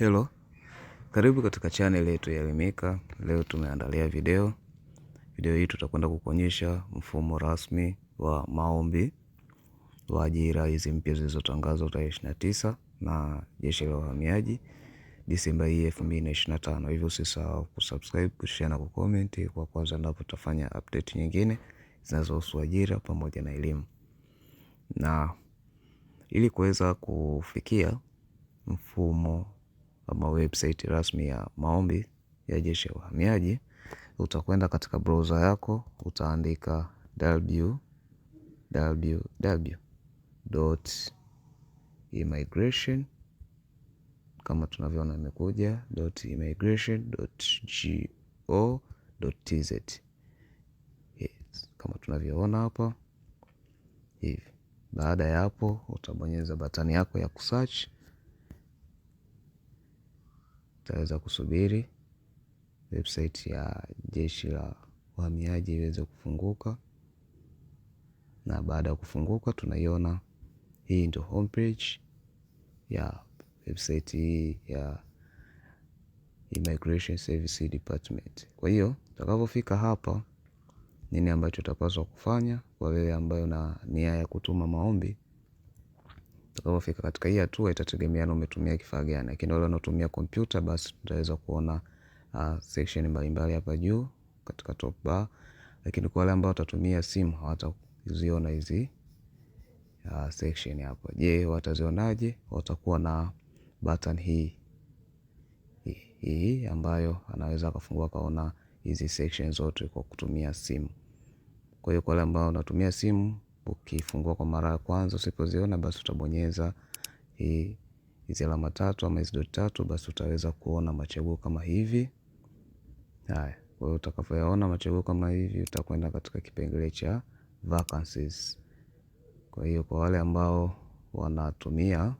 Hello, karibu katika channel yetu ya Elimika. Leo tumeandalia video. Video hii tutakwenda kukuonyesha mfumo rasmi wa maombi wa ajira hizi mpya zilizotangazwa tarehe 29 na Jeshi la Uhamiaji Disemba hii 2025. Hivyo usisahau kusubscribe, kushare na kucomment kwa kwanza ndipo tutafanya update nyingine zinazohusu ajira pamoja na elimu. Na ili kuweza kufikia mfumo ama website rasmi ya maombi ya jeshi ya uhamiaji, utakwenda katika browser yako, utaandika www.immigration kama tunavyoona imekuja .immigration.go.tz. Yes, kama tunavyoona hapa hivi. Baada ya hapo, utabonyeza batani yako ya kusearch tutaweza kusubiri website ya jeshi la uhamiaji iweze kufunguka, na baada ya kufunguka tunaiona hii ndio homepage ya website hii ya Immigration Service Department. Kwa hiyo utakapofika hapa, nini ambacho utapaswa kufanya kwa wewe ambayo na nia ya kutuma maombi? Utakapofika katika hii hatua itategemea na umetumia kifaa gani, lakini wale wanaotumia kompyuta basi tutaweza kuona uh, section mbalimbali hapa juu katika top bar, lakini kwa wale ambao watatumia simu hawataziona hizi uh, section hapa. Je, watazionaje? Watakuwa na button hii hii ambayo anaweza akafungua akaona hizi section zote kwa kutumia simu. Kwa hiyo kwa wale ambao wanatumia simu ukifungua kwa mara ya kwanza usipoziona basi utabonyeza e, hizi alama tatu ama hizi doti tatu basi utaweza kuona machaguo kama hivi. Haya, kwa hiyo utakapoyaona machaguo kama hivi utakwenda katika kipengele cha vacancies. Kwa hiyo kwa wale ambao wanatumia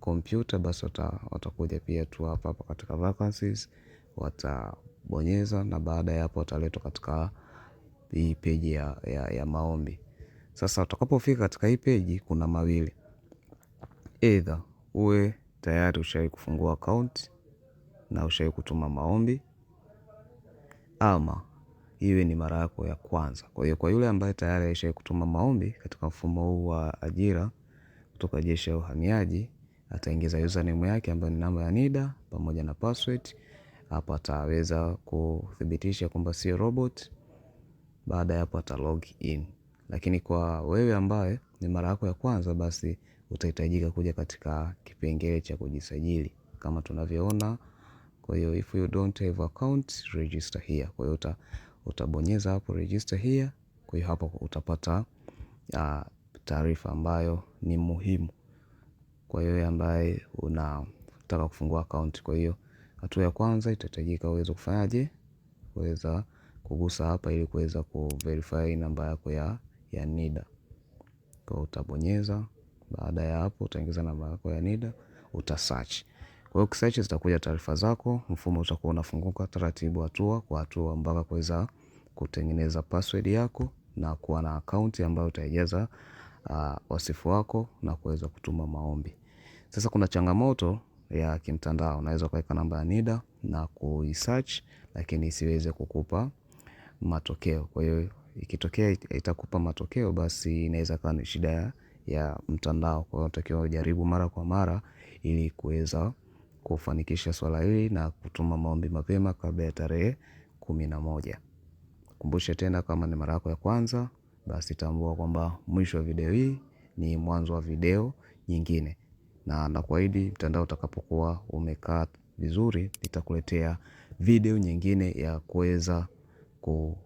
kompyuta uh, basi watakuja pia tu hapa hapa katika vacancies watabonyeza, na baada ya hapo wataletwa katika hii peji ya, ya, ya maombi. Sasa utakapofika katika hii peji kuna mawili, eidha uwe tayari ushawai kufungua akaunti na ushawai kutuma maombi, ama iwe ni mara yako ya kwanza. Kwa hiyo kwa yule ambaye tayari aishawai kutuma maombi katika mfumo huu wa ajira kutoka Jeshi la Uhamiaji, ataingiza username yake ambayo ni namba ya NIDA pamoja na password. Hapa ataweza kuthibitisha kwamba sio robot baada ya hapo ata log in. Lakini kwa wewe ambaye ni mara yako ya kwanza, basi utahitajika kuja katika kipengele cha kujisajili kama tunavyoona. Kwa hiyo if you don't have account register here, kwa hiyo uta, utabonyeza hapo register here. Kwa hiyo hapo utapata uh, taarifa ambayo ni muhimu kwa wewe ambaye unataka kufungua account. Kwa hiyo hatua ya kwanza itahitajika uweze kufanyaje, kuweza kugusa hapa ili kuweza kuverify namba yako ya, ya NIDA. Kwa utabonyeza, baada ya hapo utaingiza namba yako ya NIDA, utasearch. Kwa hiyo ukisearch zitakuja taarifa zako, mfumo utakuwa unafunguka taratibu, hatua kwa hatua mpaka kuweza kutengeneza password yako na kuwa na akaunti ambayo utaijaza uh, wasifu wako na kuweza kutuma maombi. Sasa kuna changamoto ya kimtandao, unaweza ukaweka namba ya NIDA na kuisearch, lakini isiweze kukupa matokeo. Kwa hiyo ikitokea itakupa matokeo, basi inaweza kuwa ni shida ya mtandao. Kwa hiyo unatakiwa ujaribu mara kwa mara ili kuweza kufanikisha swala hili na kutuma maombi mapema kabla ya tarehe kumi na moja. Kumbushe tena, kama ni mara yako ya kwanza, basi tambua kwamba mwisho wa video hii ni mwanzo wa video nyingine, na nakuahidi mtandao utakapokuwa umekaa vizuri, itakuletea video nyingine ya kuweza こう